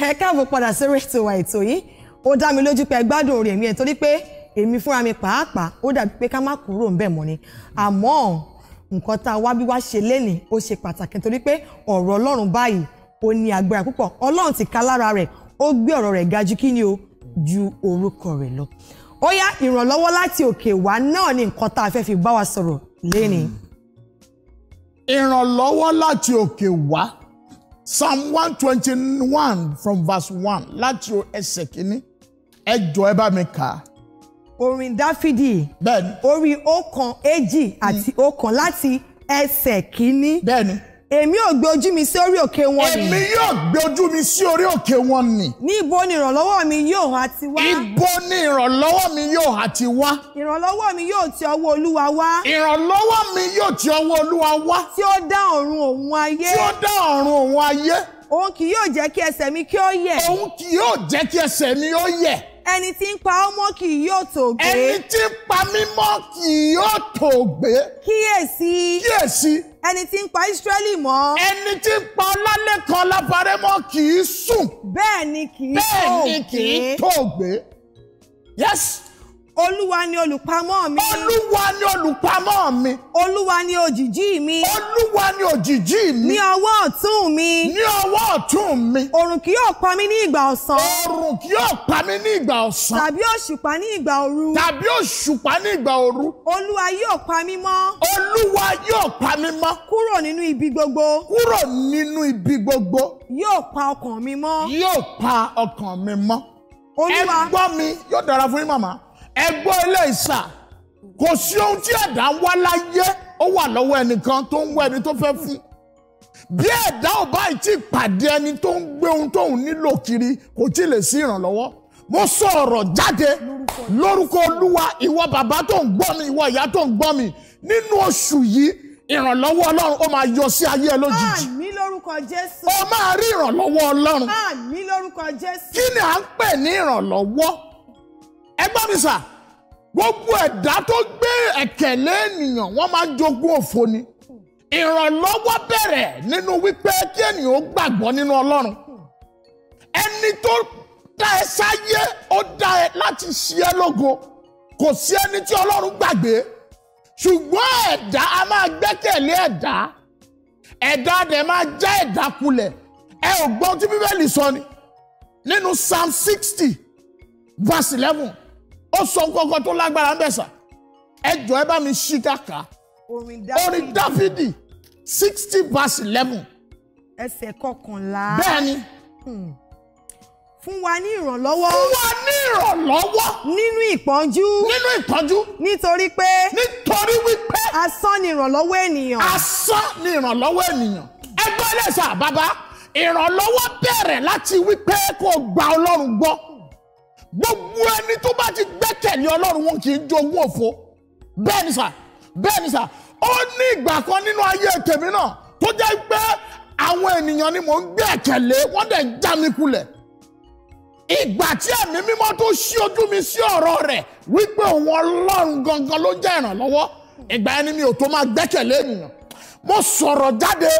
ẹ káàbọ̀ padà sórí ètò wa ètò yìí ó dá mi lójú pé ẹ gbádùn orin ẹ̀mí ẹ̀ torí pé èmi fúnra mi pàápàá ó dàbí pé ká má kúrò ńbẹ̀ mọ́ ni àmọ́ nǹkan tá a wá bí wá ṣe lénìí ó ṣe pàtàkì torí pé ọ̀rọ̀ ọlọ́run báyìí ó ní agbára púpọ̀ ọlọ́run ti ká lára rẹ̀ ó gbé ọ̀rọ̀ rẹ̀ ga ju kí ni o ju orúkọ rẹ̀ lọ ó yá ìrànlọ́wọ́ láti òkè wá náà ni nǹkan tá a fẹ́ fi bá wa sọ̀rọ̀ lénìí. ìrànlọ́wọ́ láti òkè wá psalm one twenty one from verse one láti ẹsẹ̀ kínní ẹ jọ ẹ bá mi kà á. orin dáfídì. bẹ́ẹ̀ni. orí ọ̀kan èjì àti ọ̀kan láti ẹsẹ̀ kínní. bẹ́ẹ̀ni èmi ò gbé ojú mi sí orí òkè wọn ni. èmi yóò gbé ojú mi sí orí òkè wọn ni. ní ibo ni ìrànlọ́wọ́ mi yóò hàn ti wá. ibo ni ìrànlọ́wọ́ mi yóò hàn ti wá. ìrànlọ́wọ́ mi yóò ti ọwọ́ olúwa wá. ìrànlọ́wọ́ mi yóò ti ọwọ́ olúwa wá. tí ó dá ọ̀run òun ayé. tí ó dá ọ̀run òun ayé. òun kì yóò jẹ́ kí ẹsẹ̀ mi kí ó yẹ̀. òun kì yóò jẹ́ kí ẹsẹ̀ mi ó yẹ̀ ẹni tí ń pa ọ́ kì yóò tò gbé. ẹni tí ń pa mí kì yóò tò gbé. kíyèsí. kíyèsí ẹni tí ń pa Ísírẹ́lì mọ́. ẹni tí ń pa Ọlálékan Ọlábàrẹ́ mọ́ kì í sùn. bẹ́ẹ̀ ni kì tó gbé. bẹ́ẹ̀ ni tó gbé. yes. Olúwa ni olùpamọ́ mi. Olúwa ni olùpamọ́ mi. Olúwa ni òjìjí mi. Olúwa ni òjìjí mi. Ní ọwọ́ ọ̀tún mi. Ní ọwọ́ ọ̀tún mi. Òrùn kì yóò pa mí ní ìgbà ọ̀sán. Òrùn kì yóò pa mí ní ìgbà ọ̀sán. Tàbí òṣùpá ní ìgbà òru. Tàbí òṣùpá ní ìgbà òru. Olúwa yóò pa mí mọ́. Olúwa yóò pa mí mọ́. Kúrò nínú ibi gbogbo. Kúrò nínú ibi gbogbo. Yóò pa ọkàn mi mọ́. Yóò pa ọkàn mi mọ́. Olúwa ẹ gbọ́ ẹgbọ́ ilé ìsà kò sí ohun tí ẹ̀dá wá láyé ó wà lọ́wọ́ ẹnìkan tó ń wá ẹni tó fẹ́ fún bí ẹ̀dá ò bá ti pàdé ẹni tó ń gbé ohun tóun nílò kiri kò tí ì lè sí ìrànlọ́wọ́ mo sọ ọ̀rọ̀ jáde lórúkọ olúwa ìwọ bàbá tó ń gbọ́ mi ìwọ ìyá tó ń gbọ́ mi nínú oṣù yìí ìrànlọ́wọ́ ọlọ́run ó máa yọ sí ayé ẹ lójijì. àmín lórúkọ jésù. ó máa rí ìrànlọ́wọ́ ọlọ́run. àmín lórúkọ jésù. kí ni à ń pè ní ìrànlọ́wọ́ ẹ mi sà gbogbo ẹ̀dá tó gbé ẹ̀kẹ̀ lé ènìyàn wọ́n máa jogún òfo ni ìrànlọ́wọ́ bẹ̀rẹ̀ nínú wípé kí ènìyàn ó gbàgbọ́ nínú Ọlọ́run ẹni tó dá ẹ sáyé ó dá ẹ láti ṣe ẹ́ lógo kò sí ẹni tí Ọlọ́run gbàgbé ṣùgbọ́n ẹ̀dá a máa gbẹ́kẹ̀lé ẹ̀dá ẹ̀dá dẹ̀ máa já ẹ̀dá kulẹ̀ ẹ ò gbọ́n tí Bíbélì sọ ni nínú Psalm sixty verse eleven ó sọ nǹkan tó lágbára ń bẹ̀ sà ẹ jọ ẹ bá mi ṣí kàkà orin dáfídì sixty verse eleven. ẹsẹ̀ kọkànlá. bẹ́ẹ̀ni. Hmm. fún wa ní ìrànlọ́wọ́. fún wa ní ìrànlọ́wọ́. nínú ìpọ́njú. nínú ìpọ́njú. nítorí pé. nítorí wípé. asán ni ìrànlọ́wọ́ ènìyàn. asán ni ìrànlọ́wọ́ ènìyàn. ẹgbẹ́ lẹ́sà bàbá ìrànlọ́wọ́ bẹ̀rẹ̀ láti wípé kó gba ọlọ́run gbọ́ gbogbo ẹni tó bá ti gbẹ́kẹ̀lé ọlọ́run wọn kì í jogún òfo bẹ́ẹ̀ ni sà bẹ́ẹ̀ ni sà ó ní ìgbà kan nínú ayé tèmi náà tó jẹ́ pé àwọn ènìyàn ni mò ń gbẹ́kẹ̀lé wọ́n dẹ̀ ń já mi kulẹ̀ ìgbà tí ẹ̀mí mímọ́ tó ṣí ojú mi sí ọ̀rọ̀ rẹ̀ wípé òun ọlọ́run gangan ló jẹ́ ìrànlọ́wọ́ ìgbà ẹni mi ò tó máa gbẹ́kẹ̀lé ènìyàn mo sọ̀rọ̀ jáde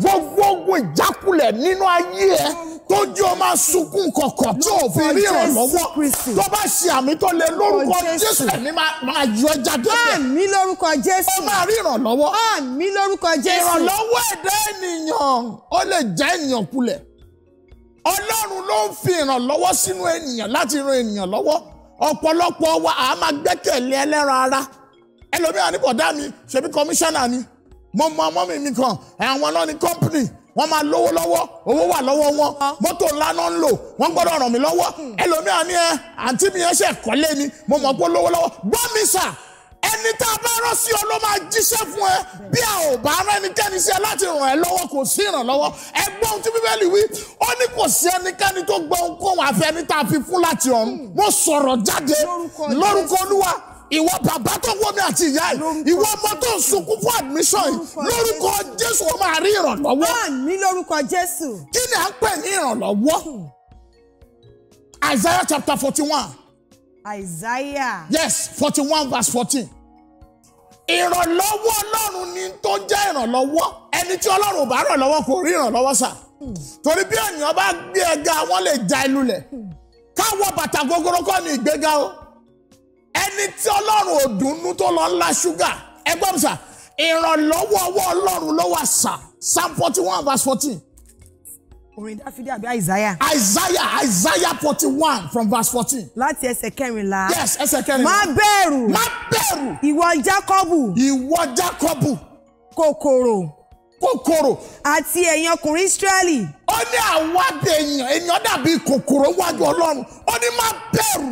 gbogbo ogun ìjákulẹ̀ nínú ayé ẹ̀ tójú ọ máa sunkún kọ̀kọ̀ tí ò fi rí ìrànlọ́wọ́ tó bá ṣe àmì tó lè lórúkọ Jésù ẹ̀mí máa yọ jáde bẹ́ẹ̀. àmì lórúkọ Jésù. ó máa rí ìrànlọ́wọ́. àmì lórúkọ Jésù. ìrànlọ́wọ́ ẹ̀dá ènìyàn ó lè já ènìyàn kulẹ̀. Ọlọ́run ló ń fi ìrànlọ́wọ́ sínú ènìyàn láti ran ènìyàn lọ́wọ́ ọ̀pọ̀lọpọ̀ wa àá máa gbẹ́kẹ̀lé ẹlẹ́ran ara ẹlòmíràn ní bọ̀dá mi ṣebí kọmíṣánná ni mo mọ ọmọ mi mi kan àwọn náà ní kọ́ńpìnì wọ́n máa lówó lọ́wọ́ owó wà lọ́wọ́ wọn mọ́tò ńlá náà ń lò wọ́n gbọ́dọ̀ ràn mí lọ́wọ́ hmm. ẹlòmíràn ni ẹ àǹtí mi yẹn ṣe kọ́lé ni mo mọ̀ pé lówó lọ́wọ́ gbọ́ mi sà ẹni tá a bá rán sí ọ ló máa jíṣẹ́ fún ẹ bí a ò bá rán ẹnikẹ́ni sí ẹ láti ràn ẹ lọ́wọ́ kò sí ìrànlọ́wọ́ ẹ gbọ́ ohun tí bíbélì wí ó ní kò sí ẹnikẹ́ni tó gbọ́ ohunkóhun àfi ẹni tá a fi fún láti ọ̀run hmm. mo sọ̀rọ̀ jáde lórúkọ olúwa ìwọ bàbá tó wọ mi àti ìyá yìí ìwọ ọmọ tó ń sunkún fún admission yìí lórúkọ jésù ó máa rí ìrànlọ́wọ́. náà ní lórúkọ jésù. kí ni à ń pè ní ìrànlọ́wọ́ hmm. isaiah chapter forty-one. isaiah. yes forty-one verse fourteen. ìrànlọ́wọ́ ọlọ́run ni tó jẹ́ ìrànlọ́wọ́ ẹni tí ọlọ́run ò bá ràn lọ́wọ́ kò rí ìrànlọ́wọ́ sà hmm. torí bí ènìyàn bá gbé ẹga wọ́n lè ja ilú e lẹ̀ hmm. káwọ bàtà gogoro kọ́ ni ìgbéga o. Hmm ẹni tí ọlọ́run ò dùnnú tó lọ ńlá ṣúgà ẹgbọ́n mi sà ìrànlọ́wọ́ ọwọ́ ọlọ́run ló wà sà psalm forty one verse fourteen. orin dáfídì àbí àìsáyà. àìsáyà àìsáyà forty one from verse fourteen. láti ẹsẹ̀ kẹrìnlá. yes ẹsẹ̀ kẹrìnlá. má bẹ̀rù. má bẹ̀rù. ìwọ jákọ́bù. ìwọ jákọ́bù. kòkòrò kòkòrò. àti ẹ̀yin ọkùnrin Ísírẹ́lì. ó ní àwọn àbẹ̀yàn èèyàn dàbí kòkòrò wájú Ọlọ́run ó ní má bẹ̀rù.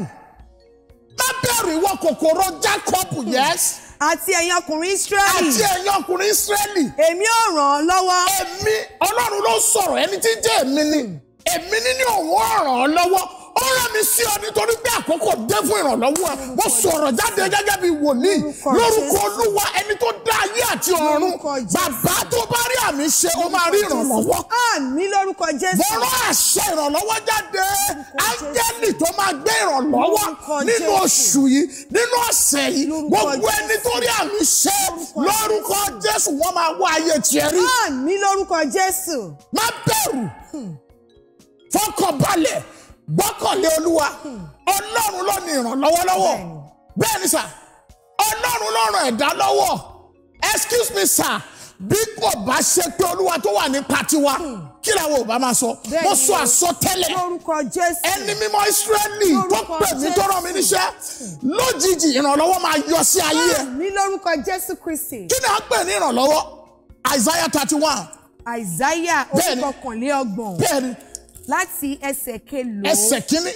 Pétérù ìwọ kòkòrò Jákọ́bù hmm. yẹs. Àti ẹ̀yin ọkùnrin Ísírẹ́lì. Àti ẹ̀yin ọkùnrin Ísírẹ́lì. Èmi ò ràn ọ́ lọ́wọ́. Èmi Ọlọ́run ló sọ̀rọ̀ ẹni tí ń jẹ́ èmi ni. Hmm. Èmi ní ní òun ọ̀ràn ọ́ lọ́wọ́. Ó rán mi sí ọ nítorí àkókò dé fún ìrànlọ́wọ́ ẹ mo sọ̀rọ̀ jáde gẹ́gẹ́ bí wòlíì lórúkọ olúwa ẹni tó dá ayé àti ọ̀run bàbá tó bá rí àmì ṣe ó máa rí ìrànlọ́wọ́. àmì lórúkọ jésù. mo rán àṣẹ ìrànlọ́wọ́ jáde áńgẹ́lì tó máa gbé ìrànlọ́wọ́ nínú oṣù yìí nínú ọ̀sẹ̀ yìí gbogbo ẹni tó rí àmì ṣe lórúkọ jésù wọ́n máa wá ayé tiẹ̀ rí. àmì lórúkọ jésù. má bẹ̀rù fọkànbalẹ̀ gbọ́kànlé olúwa. Hmm ọlọ́run ló ní ìrànlọ́wọ́ lọ́wọ́ bẹ́ẹ̀ ni sà ọlọ́run ló ràn ẹ̀dá lọ́wọ́ excuse me sà bí kò bá ṣe pé olúwa tó wà nípa tiwa hmm. kí làwọn ò bá máa sọ mo sọ àsọtẹ́lẹ̀ ẹni mímọ́ ìsírẹ́lì tó pè mí tó rán mi níṣẹ́ lójijì ìrànlọ́wọ́ máa yọ sí ayé ẹ̀ ní lórúkọ Jésù Kristi kí ni a pè ní ìrànlọ́wọ́ Isaiah thirty one. Isaiah orí kọkànlélọ́gbọ̀n láti ẹsẹ̀ kelo ẹsẹ̀ kínní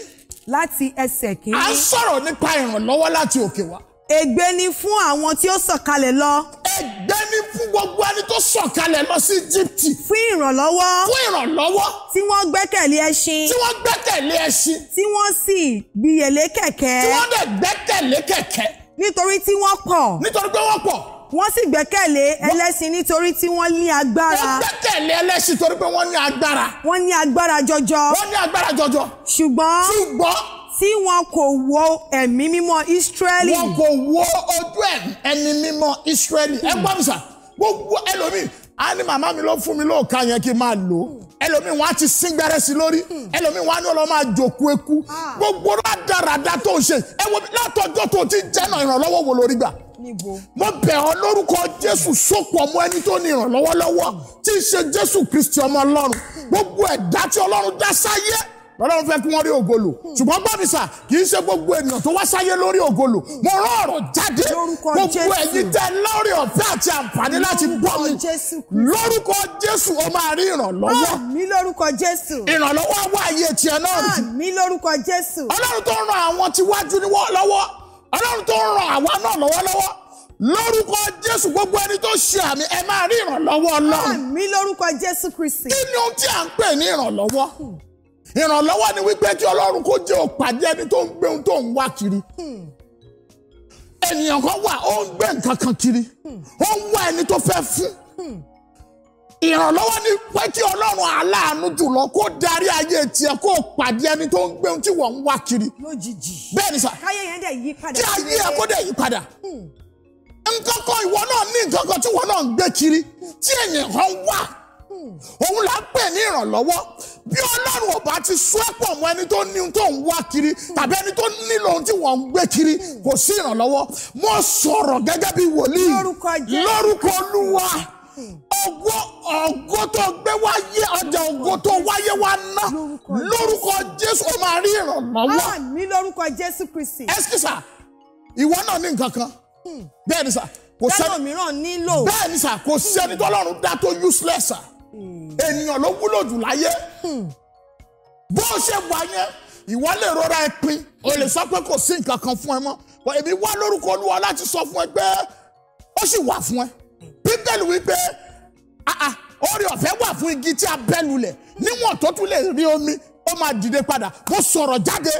láti ẹsẹ̀ kìíní. a ń sọ̀rọ̀ nípa ìrànlọ́wọ́ láti òkè wá. ègbé ni fún àwọn tí ó sọ̀kalẹ̀ lọ. ègbé ni fún gbogbo ẹni tó sọ̀kalẹ̀ lọ sí Íjíbítì. fún ìrànlọ́wọ́. fún ìrànlọ́wọ́. tí wọ́n gbẹ́kẹ̀lé ẹṣin. tí wọ́n gbẹ́kẹ̀lé ẹṣin. tí wọ́n sì gbìyànlé kẹ̀kẹ́. tí wọ́n dẹ̀ gbẹ́kẹ̀lé kẹ̀kẹ́. nítorí tí wọ́n pọ̀. nítorí pé wọ́n pọ̀ wọ́n sì gbẹ́kẹ̀lé ẹlẹ́sìn nítorí tí wọ́n ní agbára. wọ́n gbẹ́kẹ̀lé ẹlẹ́sìn torí pé wọ́n ní agbára. wọ́n ní agbára jọjọ. wọ́n ní agbára jọjọ. ṣùgbọ́n ṣùgbọ́n tí wọn kò wo ẹ̀mí mímọ́ Ísírẹ́lì. wọn kò wo ojú ẹ̀mí mímọ́ Ísírẹ́lì. ẹ gbọ́ mi sà gbogbo ẹlòmíì a ní màmá mi ló fún mi lóòka yẹn kí n máa lò ó ẹlòmíì wọn á ti sín gbẹ́rẹ́ lórí ẹlòmíì wọn á ní ọlọ́ máa eku ah. gbogbo rádaràda tó ń ṣe ẹ wo látọjọ́ tó ti jẹ́ náà ìrànlọ́wọ́ wo lórí gbà níbo. mo bẹ̀ ọ́ lórúkọ jésù sopọ̀ mọ́ ẹni tó ní ìrànlọ́wọ́ lọ́wọ́ tí í ṣe jésù kristi ọmọ ọlọ́run gbogbo ẹ̀dá tí ọlọ́run dá sáyé lọ́lọ́run fẹ́ kí wọ́n rí ògolo ṣùgbọ́n bá mi sà kì í ṣe gbogbo ènìyàn tó wá sáyé lórí ògolo mo rán ọ̀rọ̀ jáde gbogbo ẹ̀yin tẹ́ lórí ọ̀fẹ́ àti àǹfààní láti bọ́ mi lórúkọ jésù o máa rí ìrànlọ́wọ́ ìrànlọ́wọ́ wà ayé tiẹ̀ náà rí ọlọ́run tó ran àwọn tiwájú lọ́wọ́ ọlọ́run tó ń ran àwa náà lọ́wọ́lọ́wọ́ lórúkọ jésù gbogbo ẹni tó ṣe àmì ẹ máa rí ìrànlọ́wọ́ ọlọ́run. àmì lórúkọ jésù kristi. kí ni ohun tí à ń pè ní ìrànlọ́wọ́ ìrànlọ́wọ́ ni wípé kí ọlọ́run kó jẹ́ òpàdé ẹni tó ń gbé ohun tó ń wá kiri hmm. ènìyàn kan wà ó ń gbé nǹkan kan kiri ó ń wá ẹni tó fẹ́ fún hmm ìrànlọ́wọ́ ni pé kí ọlọ́run aláàánú jùlọ kó darí ayé tiẹ̀ kó pàdé ẹni tó ń gbé ohun tí wọ́n ń wá kiri. lójijì bẹ́ẹ̀ ni sà kí ayé ẹ kó dẹ̀ yí padà. Hmm. ntọ́kọ ìwọ náà ní ntọ́kọ tí ìwọ náà ń gbé kiri tí èèyàn kan wà hmm. òun là ń pè ní ìrànlọ́wọ́ bí ọlọ́run ọba ti sún ẹ́ pọ̀ mọ́ ẹni tó ní ohun tó ń wá kiri hmm. tàbí ẹni tó nílò ohun tí wọ́n ń gbé kiri kò sí ìrànlọ́wọ́ mo sọ̀rọ̀ gẹ́gẹ́ bí wòlíì lórúkọ olúwa ògo ògo tó gbé wáyé ọjà ògo tó wáyé wá ná lórúkọ Jésù ó máa rí ìrànlọ́wọ́. a ní lórúkọ Jésù Kristi. ẹsikisa ìwọ náà ní nǹkan kan hmm. bẹ́ẹ̀ ni sà kò sẹ́ni tẹ́lọ̀mìíràn nílò bẹ́ẹ̀ ni kò sẹ́ni tọ́lọ́run dá useless sà hmm. ènìyàn ló wúlò jù láyé hmm. bó ṣe wà yẹn ìwọ lè rọra ẹ pin o lè sọ pé kò sí nǹkan kan fún ẹ mọ́ èmi wá lórúkọ Olúwa láti sọ fún ẹ pé ó sì wà fún ẹ bíbélì wípé Ah, ah. orí ọ̀fẹ́ wà fún igi tí a bẹ́lulẹ̀ níwọ̀n tó tún lè rí omi ó máa dìde padà kó sọ̀rọ̀ jáde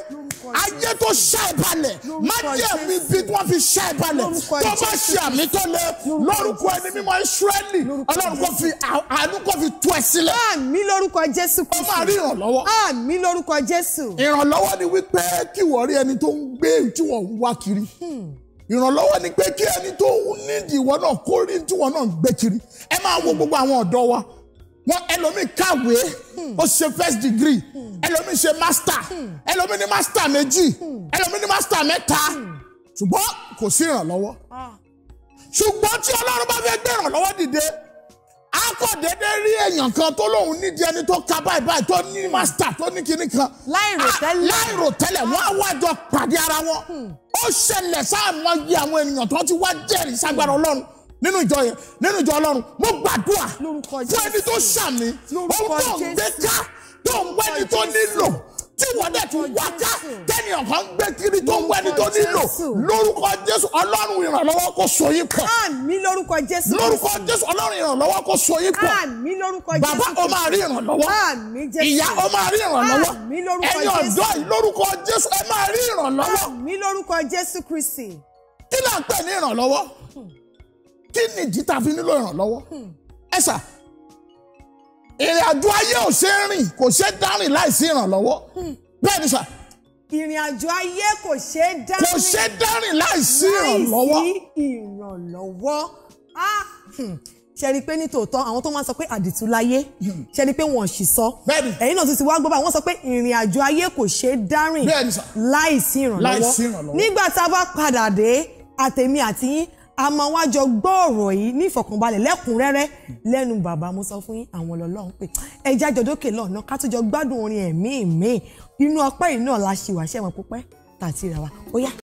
ayé tó ṣá ẹ balẹ̀ má jẹ́ mi bí wọ́n fi ṣá ẹ balẹ̀ tó bá ṣe àmì tó lé lórúkọ ẹni mímọ́ Ísírẹ́lì Ọlọ́run kò fi àánú kò fi tú ẹ sílẹ̀. àmì lórúkọ Jésù kò sí. ó máa rí ìrànlọ́wọ́. àmì lórúkọ Jésù. ìrànlọ́wọ́ ni wípé kí wọ́n rí ẹni tó ń gbé tí wá kiri. Hmm ìrànlọ́wọ́ ni pé kí ẹni tó nídìí ìwọ náà kó rí tí wọn náà ń gbé kiri ẹ máa wo gbogbo àwọn ọ̀dọ́ wa wọn ẹlòmíì kàwé ó ṣe first degree ẹlòmíì ṣe master ẹlòmíì ní master méjì ẹlòmíì ní master mẹ́ta ṣùgbọ́n kò sí ìrànlọ́wọ́ ṣùgbọ́n tí ọlọ́run bá fẹ́ gbé ìrànlọ́wọ́ dìde a kò déédéé rí èèyàn kan tó lóun nídìí ẹni tó ka báyìí báyìí tó ní master tó ní kinní kan láìrò ah, tẹ́lẹ̀ wọ́n á wájọ pàdé ara wọn ó ṣẹlẹ̀ sáàmọ́ yí àwọn ènìyàn tó ti wá jẹ́rìí ságbára ọlọ́run nínú ìjọ yẹn nínú ìjọ ọlọ́run mo gbàdúrà fún ẹni tó ṣàmì ohun tó ń gbé ká tó ń wẹ́ni tó nílò tí wọ́n dẹ̀ tún wá ká tẹ́nìyàn kan gbé ẹni tó nílò lórúkọ jésù ọlọ́run ìrànlọ́wọ́ kó so yín pọ̀. àmín lórúkọ jésù. lórúkọ jésù ọlọ́run ìrànlọ́wọ́ kó so yín pọ̀. àmín lórúkọ jésù. bàbá o máa rí ìrànlọ́wọ́. àmín jésù. ìyá o máa rí ìrànlọ́wọ́. àmín lórúkọ jésù. ẹ̀yin ọ̀dọ́ yìí lórúkọ jésù ẹ máa rí ìrànlọ́wọ́. àmín lórúkọ jésù kristi. kí là ń pè ní ìrànlọ́wọ́? kí ni ìdí tá a fi nílò ìrànlọ́wọ́? ẹ sà ìrìn àjò ayé ò ṣe é rìn kò ṣe é dárìn ni sà ìrìn àjò ayé kò ṣe é dárìn kò ṣe é dárìn láìsí ìrànlọ́wọ́ láìsí ìrànlọ́wọ́ hmm, ṣe rí i pé ní tòótọ́ àwọn tó máa ń sọ pé àdìtú láyé hmm. ṣe rí i pé wọ́n sì sọ ẹ̀yin náà tún ti wá gbọ́ bá wọ́n sọ pé ìrìn àjò ayé kò ṣe é dárìn láìsí ìrànlọ́wọ́ nígbà tá a bá padà dé àtèmi àti yín a máa wá jọ gbọ́ ọ̀rọ̀ yìí ní ìfọ̀kànbalẹ̀ lẹ́kùnrẹ́rẹ́ lẹ́nu bàbá mo sọ fún yín àwọn lọ́lọ́run pé ẹja jọdókè lọ́nà ká tó jọ gbádùn orin ẹ̀mí ìmíì inú ọpẹ́ yìí náà la ṣì wà ṣẹ́ wọn pípẹ́ tàti ìràwá ó yá